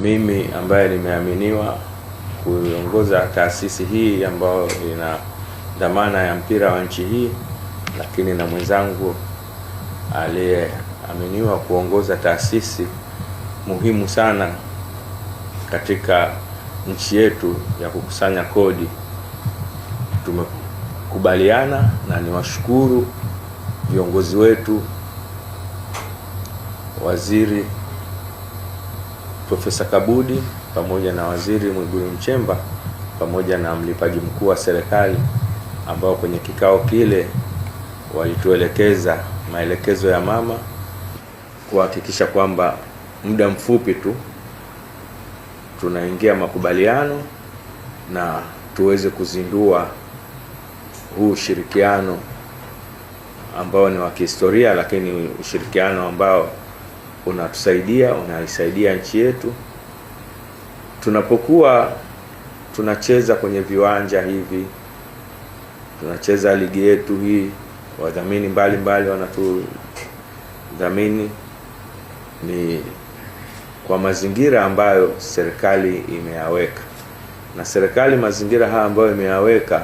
mimi ambaye nimeaminiwa kuiongoza taasisi hii ambayo ina dhamana ya mpira wa nchi hii, lakini na mwenzangu aliyeaminiwa kuongoza taasisi muhimu sana katika nchi yetu ya kukusanya kodi. Tumekubaliana na niwashukuru viongozi wetu, waziri Profesa Kabudi pamoja na Waziri Mwigulu Nchemba pamoja na mlipaji mkuu wa serikali ambao kwenye kikao kile walituelekeza maelekezo ya mama kuhakikisha kwamba muda mfupi tu tunaingia makubaliano na tuweze kuzindua huu ushirikiano ambao ni wa kihistoria, lakini ushirikiano ambao unatusaidia, unaisaidia nchi yetu. Tunapokuwa tunacheza kwenye viwanja hivi, tunacheza ligi yetu hii, wadhamini mbalimbali wanatudhamini, ni kwa mazingira ambayo serikali imeyaweka, na serikali mazingira haya ambayo imeyaweka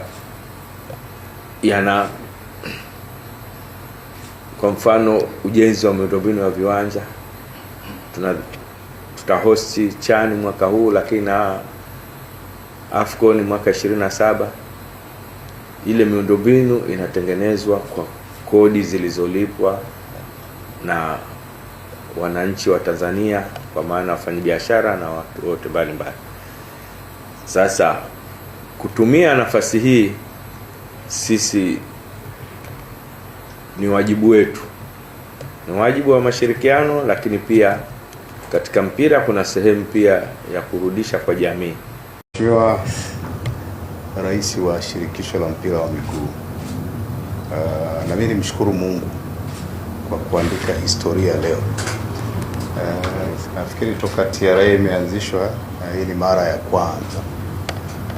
yana kwa mfano ujenzi wa miundombinu ya viwanja tuna tutahosti chani mwaka huu lakini na Afcon mwaka 27. Ile miundombinu inatengenezwa kwa kodi zilizolipwa na wananchi wa Tanzania, kwa maana wafanyabiashara na watu wote mbalimbali. Sasa kutumia nafasi hii, sisi ni wajibu wetu, ni wajibu wa mashirikiano, lakini pia katika mpira kuna sehemu pia ya kurudisha kwa jamii. Mheshimiwa Rais wa Shirikisho la Mpira wa Miguu, uh, na mimi nimshukuru Mungu kwa kuandika historia leo. Uh, nafikiri toka TRA imeanzishwa uh, hii ni mara ya kwanza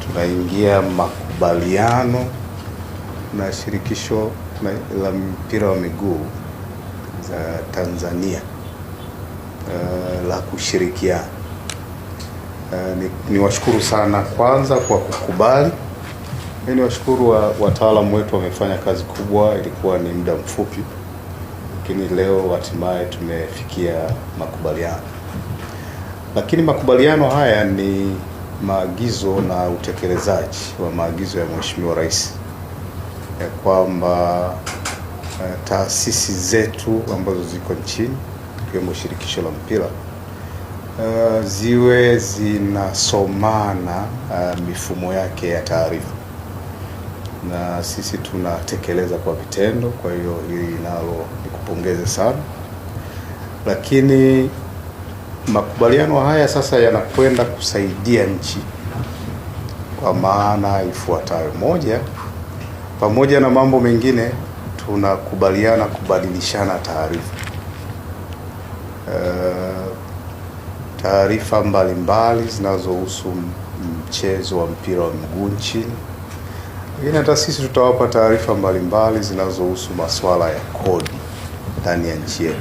tunaingia makubaliano na shirikisho la mpira wa miguu za Tanzania. Eh, la kushirikiana. Uh, ni, ni washukuru sana kwanza kwa kukubali. Ni washukuru wa, wataalamu wetu wamefanya kazi kubwa, ilikuwa ni muda mfupi, lakini leo hatimaye tumefikia makubaliano. Lakini makubaliano haya ni maagizo na utekelezaji wa maagizo ya Mheshimiwa Rais ya kwamba eh, taasisi zetu ambazo ziko nchini likiwemo shirikisho la mpira uh, ziwe zinasomana uh, mifumo yake ya taarifa, na sisi tunatekeleza kwa vitendo. Kwa hiyo hili nalo nikupongeze sana, lakini makubaliano haya sasa yanakwenda kusaidia nchi kwa maana ifuatayo: moja, pamoja na mambo mengine tunakubaliana kubadilishana taarifa Eh, taarifa mbalimbali zinazohusu mchezo wa mpira wa miguu nchini, lakini hata sisi tutawapa taarifa mbalimbali zinazohusu masuala ya kodi ndani ya nchi yetu.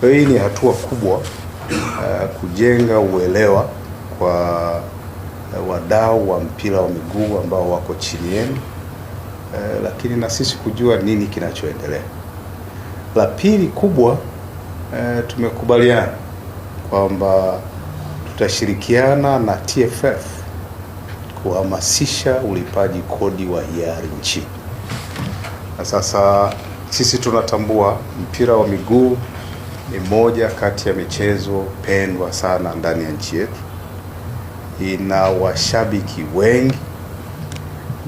Kwa hiyo hii ni hatua kubwa uh, kujenga uelewa kwa uh, wadau wa mpira wa miguu ambao wako chini yenu uh, lakini na sisi kujua nini kinachoendelea. La pili kubwa e, tumekubaliana kwamba tutashirikiana na TFF kuhamasisha ulipaji kodi wa hiari nchini. Na sasa sisi tunatambua mpira wa miguu ni moja kati ya michezo pendwa sana ndani ya nchi yetu, ina washabiki wengi,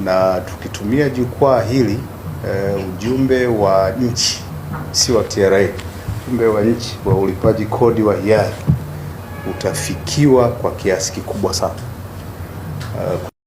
na tukitumia jukwaa hili e, ujumbe wa nchi si wa TRA ujumbe wa nchi wa ulipaji kodi wa hiari utafikiwa kwa kiasi kikubwa sana.